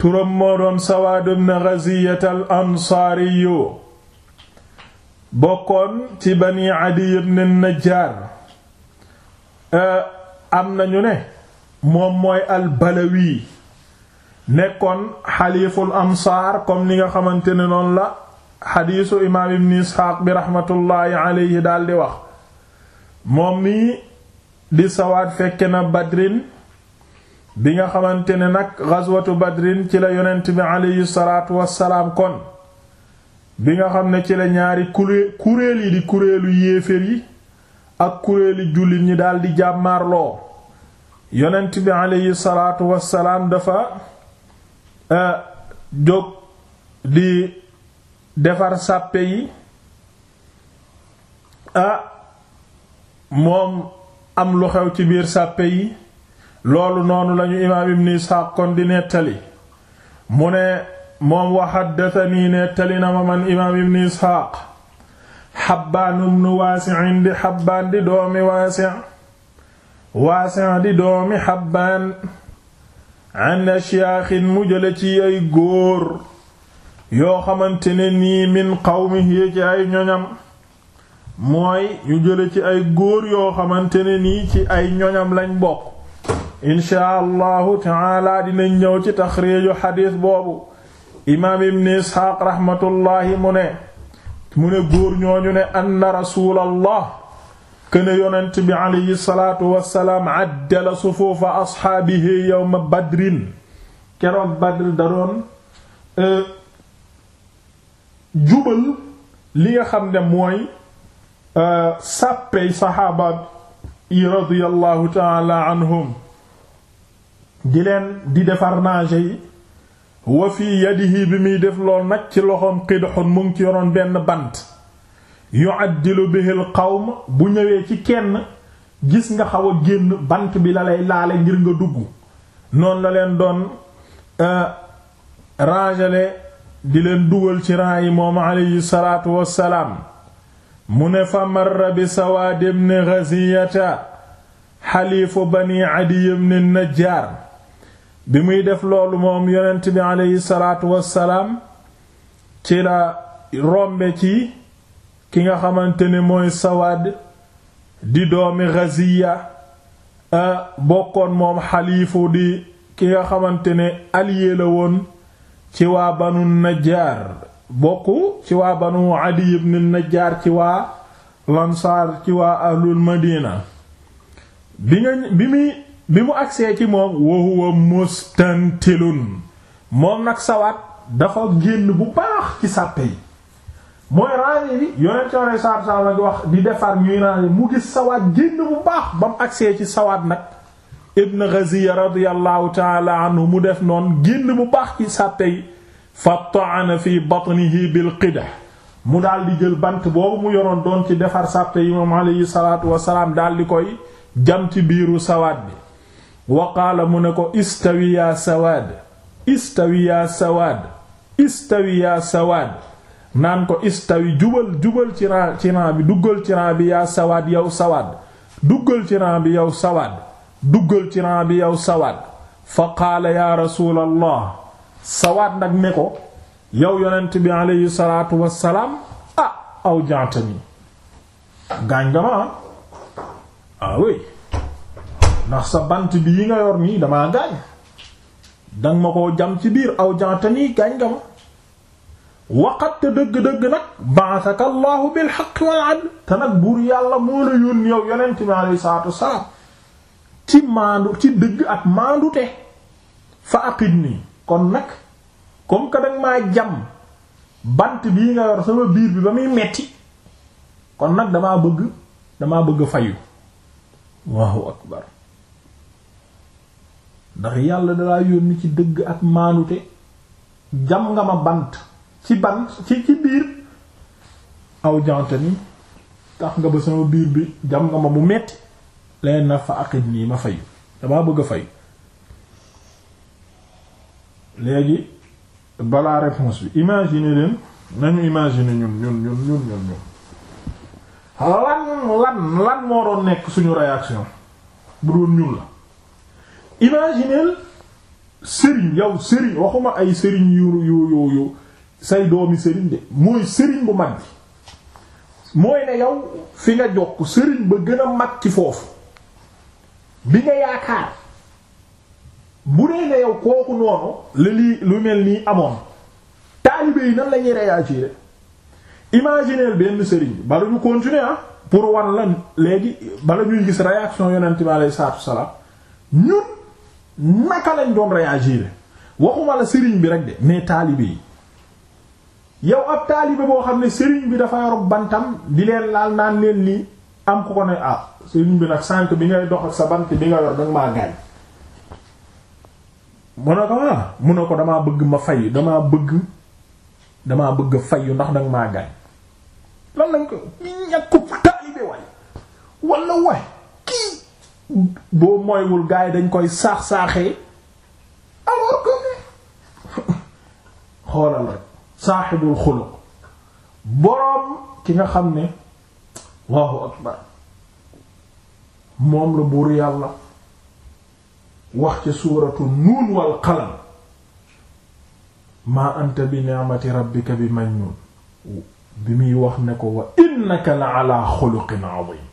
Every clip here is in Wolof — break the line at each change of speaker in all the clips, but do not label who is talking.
turam moo doon Sawaad ibn Ghaziyat bokkoon ci bani Adiy ibn Najjaar am nañu ne moom mooy al nekkoon xaliiful ansaar comme ni nga xamante ne la xadiisu imaam ibn Isxaaq bi raxmatullaahi alayhi daldi wax moom mii di Sawaad fekke na Badrin bi nga xamante ne nag ghazwatu badrin ci la yonent bi aleyhi salaatu wassalaam kon bi nga xam ne ci la ñaari kuréel yi di kuréelu yéeféer yi ak kuréeli jullit ñi daldi jàmmarloo yonent bi aleyhi salaatu wassalaam dafa euh, jóg di defar sàppe yi ah moom am lu xew ci biir sàppe yi loolu noonu lañu imaam ibn Isxaaq kon di nettali mu ne moom wa haddathanii nettali na ma imaam ibn Isxaaq Habbaan ibn Waasi' di Habbaan di doomi Waasi' Waasi' di doomi Habbaan an ashyaaxin mu jële ci ay góor yoo xamante nii min qawmihi ci ay ñoñam mooy ñu jële ci ay góor yoo xamante nii ci ay ñoñam lañ bokk inchaa allahu taala dinañ ñëw ci taxriiju xadiis boobu imaam ibn isxaaq raxmatullaahi mu ne mu ne góor ñooñu ne anna rasuulallah këne yonent bi alayhi salaatu wassalaam àddala sufuufa asxaabihi yawma badrin keroog badr da e, jubal li nga xam ne mooy e, sàppey saxaaba yi taala anhum di leen di defar naaje yi wa fii yadihi bi muy def lool nag ci loxoom xidxun mu ngi ci yoroon benn bant yu'addilu bihi al qawm bu ñëwee ci kenn gis nga xaw génn bant bi la lay laale ngir nga dugg noon la leen doon euh, rangele di leen dugal ci ran yi moom alayhi salaatu wassalaam mu ne fa marra bi sawaad ibn ghaziyata xaliifu bani adiy ibn najjaar bi muy def loolu moom yonent bi aleyhi salaatu ci la rombe ci ki nga xamante ne mooy sawaad di doomi Ghaziya bokkoon moom xaliifu di ki nga xamante ne allié la woon ci waa banu najjaar bokk ci waa banu Adi ibn najjaar ci waa lansaar ci waa ahlul madina bi muy bi mu agsee ci moom wa huwa mustantilun moom nag sawaat dafa génn bu baax ci sàppe yi mooy rangé bi yonent yonent saab saab nag wax di defar ñuy rangé mu gis sawaat génn bu baax ba mu agsee ci sawaat nag ibn Ghaziya radiyallahu taala anhu mu def noonu génn bu baax ci sàppe yi fa ta'ana fi batnihi bil qidah mu daal jël bant boobu mu yoroon doon ci defar sàppe yi moom alayhi salaatu wasalaam daal koy jam ci biiru sawaat bi wa qaala mu ne ko istawi yaa sawaad istawi yaa sawaad istawi yaa sawaad naan ko istawi jubal jubal ci ran ci ran bi duggal ci ran bi yaa sawaad yow sawaad duggal ci ran bi yow sawaad duggal ci bi yow sawaad fa qaala yaa rasuulallah sawaad nag ne ko yow yonent bi aleyhi salaatu wassalaam ah aw jantani gaañ nga ma ah, ah oui ndax sa bant bi yi nga yor nii damaa gaañ danga ma ko jam ci biir aw janta nii gaañ nga ma waqat te dëgg-dëgg nag ba'athaka Allahu bil haqqi wal 'adl te nag buur yàlla moo la yónni yow yonent mi alayhi salaatu wassalaam ci maandu ci dëgg ak maandute fa aqidni kon nag comme que danga maa jam bant bii nga yor sama biir bi ba muy metti kon nag damaa bëgg damaa bëgg fayu Allahu akbar ndax yàlla dalaa yónni ci dëgg ak maanute jam nga ma bant ci bant ci ci biir aw ni tax nga ba sama biir bi jam nga ma bu metti leen na fa aqit nii ma fayu damaa bëgg a fayu léegi balaa réponse bi imagine leen nañu imagine ñun ñun ñun ñun ñun lan lan lan moo doon nekk suñu réaction bu doon ñun la imagineel sëriñ yow sëriñ waxuma ay sëriñ yu yu yu yu say doomi sëriñ de mooy sëriñ bu mag bi mooy ne yow fi nga jokk sëriñ ba gën a mag ci foofu bi nga yaakaar bu dee ne yow kooku noonu la lii lu mel nii amoon taalibe yi nan la ñuy réagir imagineel benn sëriñ bi bala ñu continuer ah pour wan la léegi bala ñuy gis réaction yonent bi alayhi salaam ñun naka lañ doon réagir waxuma la sëriñ bi rek de mais taalibe yi yow ab taalibe boo xam ne sëriñ bi dafa yor bantam di leen laal naan leen lii am ku ko ne ah sëriñ bi nag sànq bi ngay dox ak sa bant bi nga yor danga maa gaañ mu ne ko ah mu ko damaa bëgg ma fay damaa bëgg damaa bëgg fayyu ndax danga maa gaañ lan lañ ko ñàkkub taalibe waay walla waay kii boo mooywul gars yi dañ koy saax saaxee alors que xoolal rek saaxibul nga xam ne moom la buur yàlla wax ci suuratu nuun wal qalam maa anta bi ni'mati rabbika bi majnun bi muy wax ne ko wa innaka la ala xuluqin azim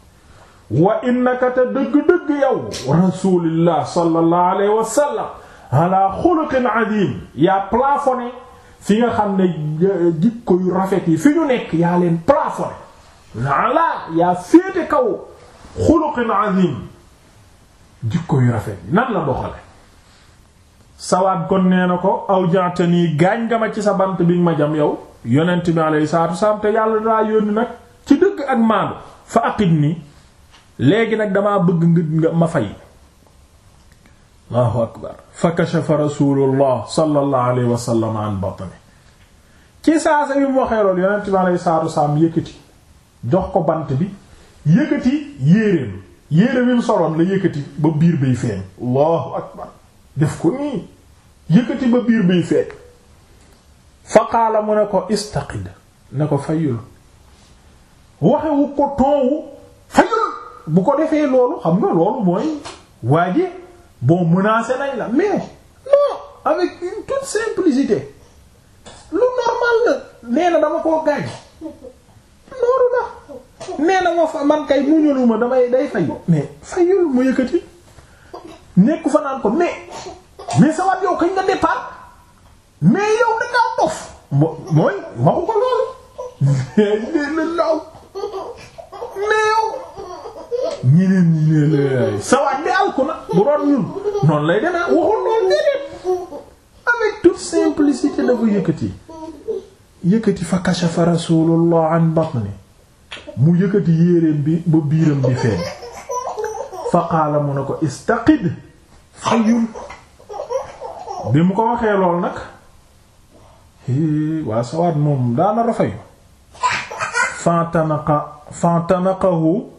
wa innaka te dëgg-dëgg yow rasulillah sallallahu alayhi wa sallam ala xuluqin azim yaa plafonné fi nga xam ne euh, jikko yu rafet yi fi ñu nekk yaa leen plafonné ala yaa féete kaw xuluqin azim jikko yu rafet yi nan la doxale sawaat kon nee na ko aw jaatanii gaañ nga ma ci sa bant biñ ma jam yow yonent bi alayhi salaatu wasalaam te yàlla daa yónni nag ci dëgg ak maandu fa aqid nii léegi nag damaa bëgg nga ma fay allahu akbar fa kashafa rasulullah sallallahu jox ko bant bi yëkkati yéeréem yéere la yëkkati ba biir bay feeñ allahu ba biir bay fa qaala mu ne ko istaqid ne ko fayul waxewu ko toowu bu ko defee loolu xam nga loolu mooy waaje bon menacé nañ la mais non avec une toute simplicité lu normal la nee dama koo gaañ loolu la nee ma fa man kay muñaluma damay day fay mais fayul mu yëkkati nekku fa naan ko mais sa wat yow kañ nga départ mais yow da dof mooy waxu ko loolu mais nee na ñi leen ñi leen sawaat bi alku na bu doon ñun noonu lay demee waxul noonu déedéet avec toute simplicité dafa yëkkati yëkkati fa kashafa rasulullah an batni mu bi ba biiram bi waxee lool nag waa sawaat moom daana rafayu fantanaqa fantanaqahu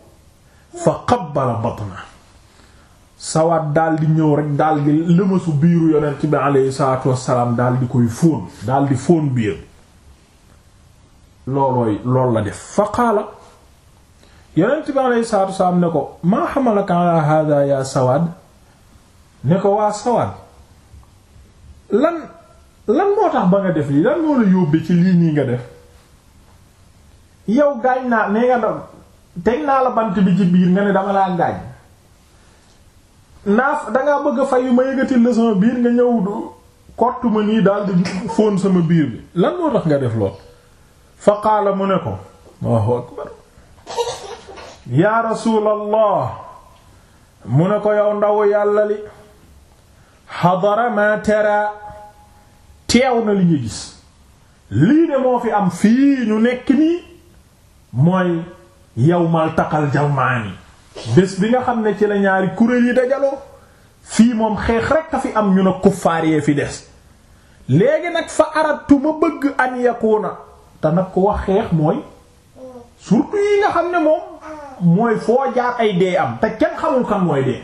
fa qabbala batna sawaat daal di ñëw rek dal di lëmasu biiru yonent bi aleyhi salaatu wassalaam daal di koy fóon daal di fóon biir loolooy loolu la def fa qaala yonent bi aleyhi salaatu wassalaam ne ko maa xamalaka ala hada ya sawaad ne ko waa sawaad lan lan moo tax ba nga def lii lan moo la yóbbee ci lii nii nga def yow gaañ naa nee nga teg naa la bant bi ci biir nga ne dama laa ngaañ naaf dangaa bëgg a fayu ma yëgatil la sama biir nga ñëw kottu ma nii daal di fóon sama biir bi lan moo tax nga def lool fa mu ne ko Allahu yaa rasuulallah mu ne ko yow ndaw yàlla li xadara ma tera teew na li nga gis lii de moo fi am fii ñu nekk nii mooy yawmal taqal jam'aani bés bi nga xam ne ci la ñaari kuréel yi dajaloo fii moom xeex rek a fi am ñu ne kuffaar yee fi des léegi nag fa aratu ma bëgg an na te nag ko wax xeex mooy surtout yi nga xam ne moom mooy foo jaar ay dee am te kenn xamul kan mooy dee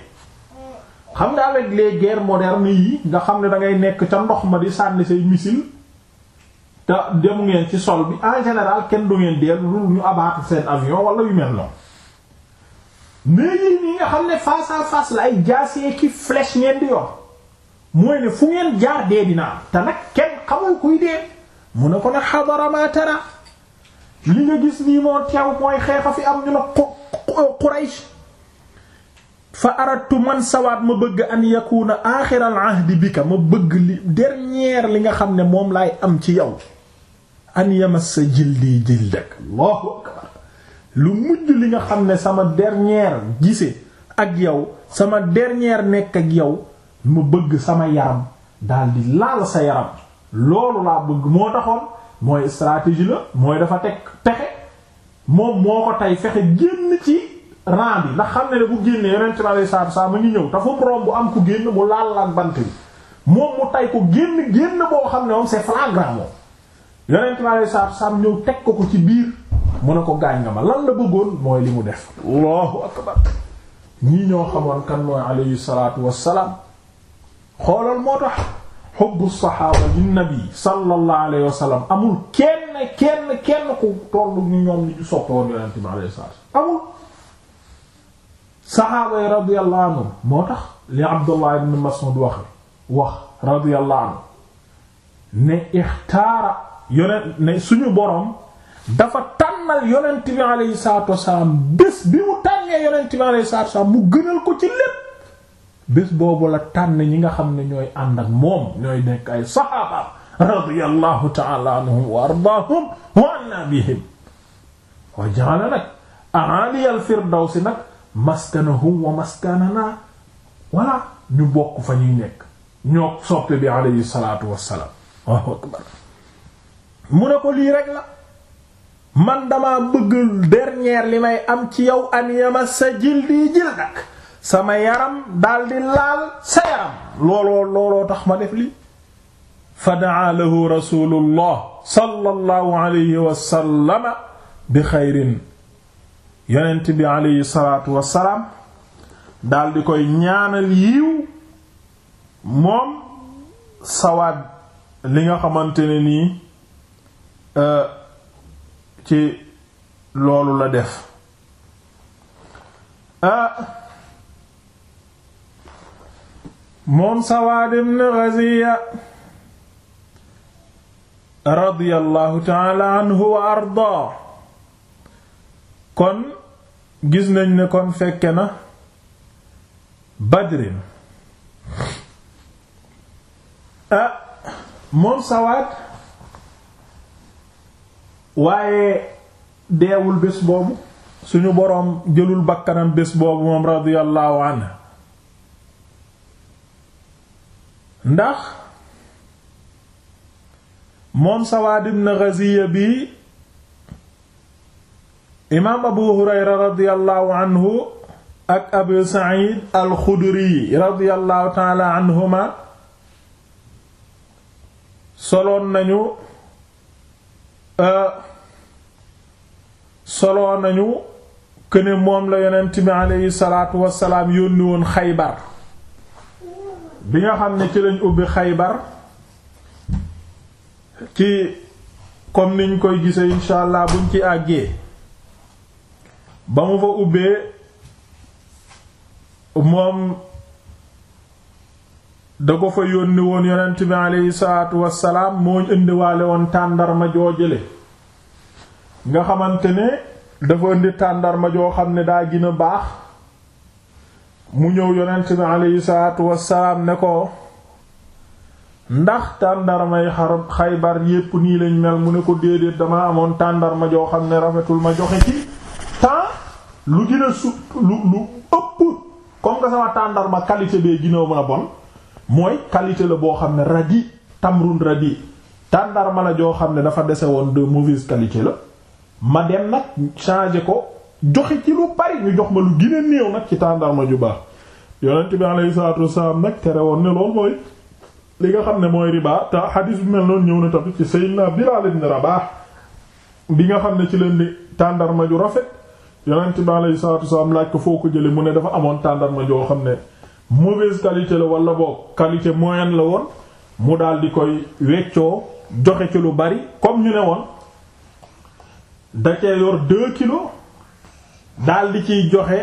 xam nga avec les guerres yi nga xam ne da ngay nekk ca ndox ma di sànni say missile te demu ngeen ci sol bi en général kenn du ngeen dellu lu ñu abaatu seen avion wala yu mel noonu mais yii nii nga xam ne face à face la ay jaasee ki flèche ngeen di yor mooy ne fu ngeen jaar dee dina te nag kenn xamul kuy dee mu ne ko ne xadara ma tara li nga gis nii moo teew xeex xeexa fi am ñu la euh, Quraysh fa aradtu man sawaat ma bëgg an yakuna axiral ahdi bika ma bëgg li li nga xam ne moom laay am ci yow an yamassa jildi jildak allahu akbar lu mujj li nga xam ne sama dernière gise ak yow sama dernière nekk ak yow ma bëgg sama yaram di laal sa yaram loolu laa bëgg moo taxoon mooy stratégie la mooy dafa teg pexe moom moo ko tey fexe génn ci ran bi ndax xam ne ne bu génnee yonent bi alei salatu salaam a ngi ñëw dafa borom bu am ku génn mu laal laal bant bi moom mu tay ko génn génn boo xam ne moom c'est flagrant yonent mi alei salaatu ñëw teg ko ci biir mu ne ko gaañ nga ma lan la bëggoon mooy li mu def allahu akbar ñii ñoo xamoon kan mooy alayhi salaatu wassalaam xoolal moo tax xubbu saxaaba li nabi sallallahu amul kenn kenn kenn ku tollu ñu bi alayhi moo tax li Abdullah ibn Mas'ud wax wax anhu ne ixtaara yonent ne suñu boroom dafa tànnal yonent bi alayhi salaatu wasalaam bés bi mu tànnee yonent bi alayhi salaatu wasalaam mu gënal ko ci bés boobu la tànn ñi nga xam ne ñooy ànd ak moom ñooy nekk ay saxaaba radiyallahu ta'ala wa ardaahum wa anna bihim wa nag a'ali al ñu bokk fa ñuy nekk ñoo soppe bi alayhi salaatu mu ne ko lii rekk la man dama bëgg dernier li may am ci yow an yama sa jildi jildak sama yaram daldi laal sa yaram looloo looloo tax ma def lii fa daa lahu rasulullah sallallahu alayhi wasallama bi xayrin yonent bi alayhi salaatu wassalaam daldi koy ñaanal yiw moom sawaat li nga xamante ne nii Euh, ci loolu la def ah, moom Sawaad ibn Ghaziya radiyallahu taala anhu wa ardaa kon gis nañ ne kon fekke na Badrin ah moom Sawaad waaye deewul bés boobu suñu boroom jëlul bakkanam bés boobu moom radiyallahu anhu ndax moom Sawaad ibn bi imaam Abu Hurayra radiyallahu anhu ak Abu Sa'id al-Khudri radiyallahu ta'ala anhuma soloon nañu Euh, soloo nañu këne moom la yonent bi aleyhi salaatu wasalaam yónni woon xaybar bi nga xam ne ci lañ ubbi xaybar ci comme niñ koy gisee incha allah buñ ci àggee ba mu fa ubbee moom da ko fa yónni woon yonent bi aleyhi salaatu moo indiwaale woon tàndarma joo jële nga xamante ne dafa indi tàndarma joo xam ne daa gën baax mu ñëw yonent bi aleyhi salaatu ne ko ndax tàndarmay xarab xaybar yépp nii lañ mel mu ne ko déedéet dama amoon tàndarma joo xam ne rafetul ma joxe ci temps lu gën a lu ëpp comme que sama tàndarma qualité bee ginoo mën a bon mooy qualité la boo xam ne radi tamrun radi tàndarma la joo xam ne dafa dese woon de mauvaise qualité la ma dem nag changer ko joxe ci lu bari ñu jox ma lu gën a néew nag ci tàndarma ju baax yonent bi alayhi salaatu wasalaam nag tere woon ne mooy li nga xam ne mooy riba te xadiis bi mel noonu ñëw na tamit ci naa Sayyidina Bilaal ibn Rabaah bi nga xam ne ci leen di tàndarma ju rafet yonent bi alayhi salaatu wasalaam laaj ko foo ko jële mu ne dafa amoon tàndarma joo xam ne mauvaise qualité la wala boog qualité moyenne la woon mu daal di koy weccoo joxe ci lu bari comme ñu ne woon da cee yor 2 ciy joxe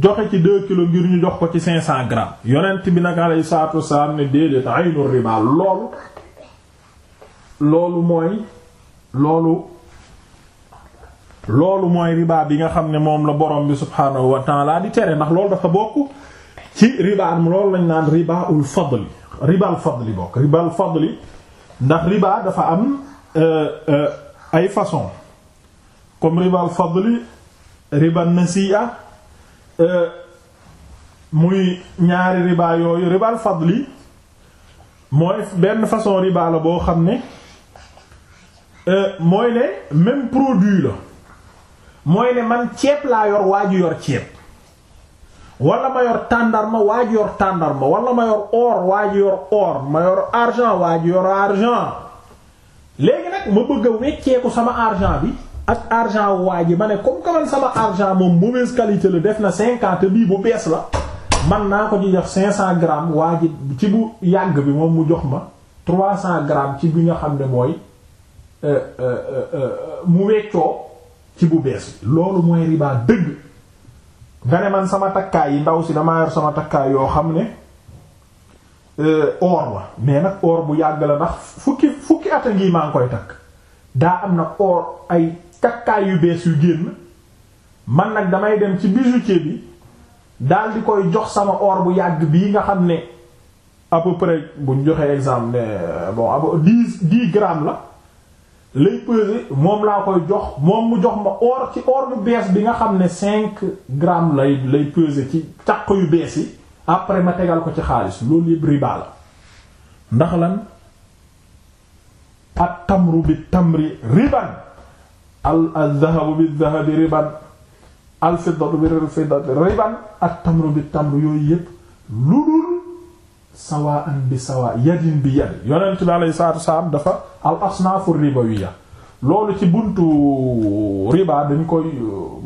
joxe ci 2 kilos ngir ñu jox ko ci 500 grammes yonent bi nag alayhi salaatu wassalaam ne déedéet aynu riba loolu loolu mooy loolu loolu mooy riba bi nga xam ne moom la borom bi subhaanahu wa ta'ala di tere ndax loolu dafa bokk. ci riba am loolu lañ naan riba ul fadli riba al fadli bokk riba al fadli ndax riba dafa am euh, euh, ay façon comme riba al fadli riba nasi'a euh, muy ñaari riba yooyu riba al fadli mooy benn façon riba la boo xam ne mooy ne même produit la mooy ne man ceeb laa yor waa ju yor ceeb wala ma yor tàndarma waa ji yor tàndarma wala ma or waa ji yor or ma yor argent waa yor argent léegi nag ma bëgg a wecceeku sama argent bi ak argent waa ji ma ne comme que sama argent moom mauvaise qualité la def na cinquante bii bu bees la man naa ko ci jox cinq cent gramme waa ji ci bu yàgg bi moom mu jox ma trois cent gramme ci bi nga xam ne mooy euh, euh, euh, mu weccoo ci bu bees bi loolu mooy riba dëgg nga ne man sama takkaay yi ndaw si damaa yor sama takkaay yoo xam ne euh, or la mais nag or bu yàgg la ndax fukki fukki at a ngi maa ngi koy takk daa am na or ay takkaay yu bees yu génn man nag damay dem ci bijoutier bi daal di koy jox sama or bu yàgg bii nga xam ne à près bu ñu joxee exemple ne bon à peu dix la lay peser moom laa koy jox moom mu jox ma or ci or bu bees bi nga xam ne cinq grammes lay lay peser ci caq yu bees yi après ma tegal ko ci xaalis loolu yëpp riba la ndax lan at tamru bi tamri riban al adh-dhahabu bi dhahabi riban al fiddatu bi fiddati riban at bi tamri yooyu yëpp lu dul sawaan bi sawaa yadin bi yad yonent bi alayhi salaatu wasalaam dafa al asnaafu ribawiya loolu ci buntu riba dañ koy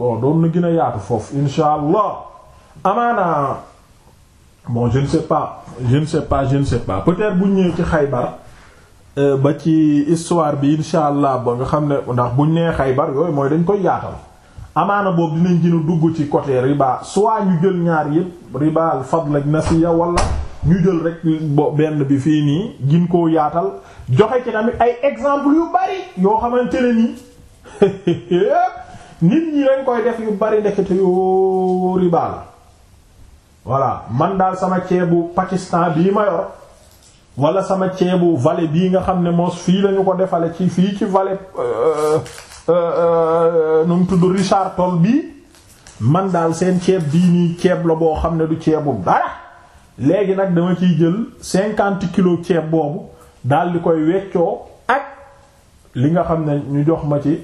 bon doon na gën yaatu foofu insha allah amaana bon je ne sais pas je ne sais pas ci xaybar euh, ba ci histoire bi insha allah xam ndax buñ nee xaybar yooyu mooy dañ koy yaatal amaana boobu dinañ gën dugg ci côté riba soit ñu jël ñaar yépp riba al fadl nasiya wala ñu jël rek bo benn bi fii nii gin koo yaatal joxe ci tamit ay exemple yu bari yoo xamante ne nii nit ñi lañ koy def yu bari ndekete yoo riba la voilà man daal sama ceebu Pakistan bii ma yor wala sama ceebu vallée bii nga xam ne moos fii lañu ko defale ci fii ci vale euh, euh, euh, nu mu tudd Richard Toll bii man daal seen ceeb bii nii ceeb la boo xam ne du ceebu dara léegi nag dama ciy jël cinquante kilos ceeb boobu daal di koy weccoo ak li nga xam ne ñu jox ma ci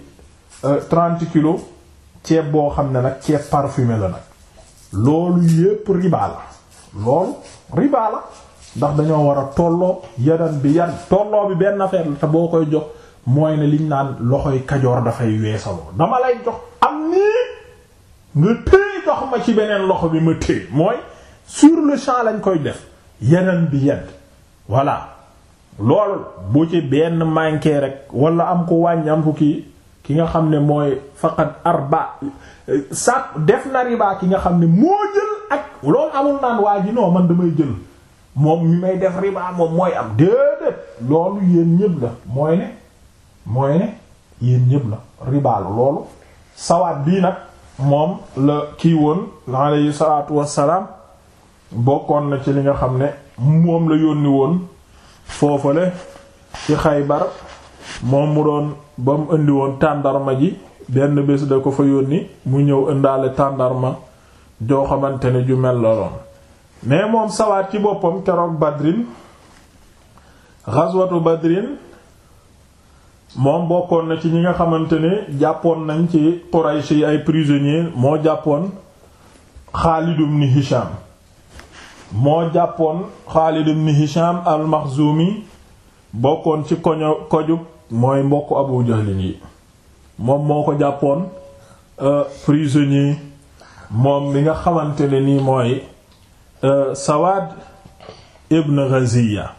euh, trente kilos ceeb boo xam ne nag ceeb parfumé la nag loolu yépp riba la loolu riba la ndax dañoo war a tolloo yadan bi yan tolloo bi benn affaire la te boo koy jox mooy ne liñ naan loxoy kajoor dafay weesaloo dama lay jox am nii nga téye jox ma ci beneen loxo bi ma téye mooy sur le champ lañ koy def yeneen bi yad voilà loolu bu ci benn manqué rek walla am ko wàññi am ko ki nga xam ne mooy faqat arba sa def na riba ki nga xam ne moo jël ak loolu amul naan waa man damay jël moom mi may def riba moom mooy am déedéet loolu yéen ñëpp la mooy ne mooy ne yéen ñëpp la riba la loolu sawaat bii nag moom la kii woon alayhi salaatu wassalaam bokkoon na ci li nga xam ne moom la yónni woon foofale ci xaybar moom mu doon ba mu indi woon tàndarma ji benn bés da ko fa yónni mu ñëw indaale tàndarma joo xamante ne ju mel la doon mais moom sawaat ci boppam keroog badrin ghazwatu badrin moom bokkoon na ci ñi nga xamante ne jàppoon nañ ci Quraysh ay prisonniers moo jàppoon Xaalid ibn Hisham moo jàppoon Xaalid ibn Hisham al-Maxzumi bokkoon ci koño koju mooy mbokk Abu Jahlin yi moom moo ko jàppoon euh, prisonnier moom mi nga xamante ne nii mooy euh, Sawaad ibn Ghaziya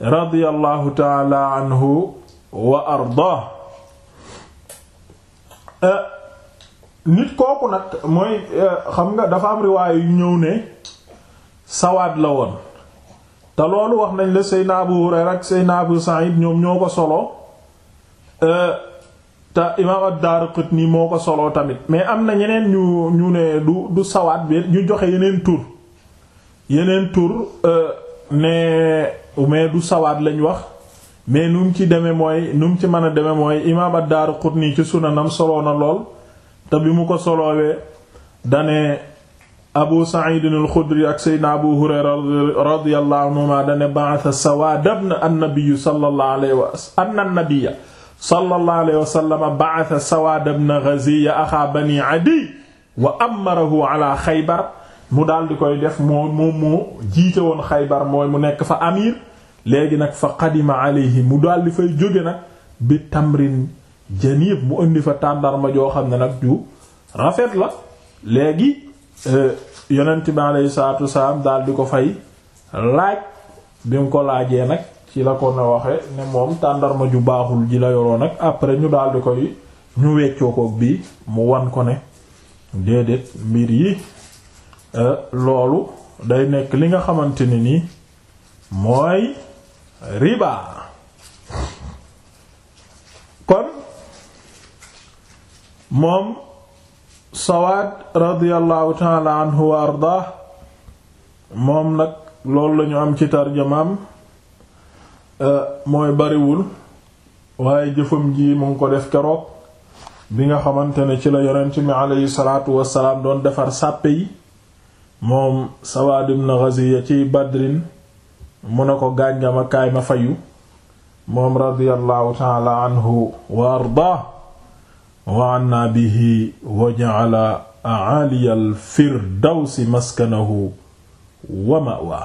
radiyallahu taala anhu wa arda euh, nit kooku nag mooy xam nga dafa am riwaaya ñëw ne sawaat la woon te loolu wax nañ la Seydina Abu Hurayra ak Seydina Abu Sa'id ñoom ñoo ko solo euh, te imaam ad-Daraqutni moo ko solo tamit mais am na ñeneen ñu ñu ne du du sawaat bi ñu joxe yeneen tur yeneen tur euh, ne mais du sawaat lañ wax mais nu mu ci demee mooy nu mu ci mën a demee mooy imaam ad-Daraqutni ci sunanam solo na lool te bi mu ko solowee dane abu sa'id al-xudri ak seydna abu hurayra radiyallahu anhuma dane ba'atha sawaad ibn an-nabiy sallallahu alayhi wa anna an-nabiy sallallahu alayhi wa sallam ba'atha sawaad ibn ghaziya axaa bani adiy wa amarahu ala xaybar mu daal di koy def moo moom moo jiite woon xaybar mooy mu nekk fa amir léegi nag fa qadima alayhi mu daal di fay jóge nag bi tamrin janib mu indi fa tàndarma joo xam ne nag ju rafet la léegi Eh, yonent bi saatu salaatu wasalaam di ko fay laaj bi mu ko laajee nag ci la ko ne waxe ne moom tàndarma ju baaxul ji la yoroon nag après ñu daldi di koy ñu weccoo ko bii mu wan ko ne déedéet mbir yi eh, loolu day nekk li nga xamante ni nii mooy riba kon moom sawaad radiallahu taala anhu wa ardaah moom nag loolu lañu am ci tarjamaam eh, mooy bariwul waaye jëfum ji mu ngi ko def keroog bi nga xamante ne ci la yonent mi aleyhi salaatu wasalaam doon defar sàppe yi moom sawaad ibn ghaziya ci badrin mu ne ko gànjama kaay ma fayu moom radiallahu taala anhu wa ardaah wa anna bihi wa ja'ala a'ali al-firdawsi maskanahu wa ma'wa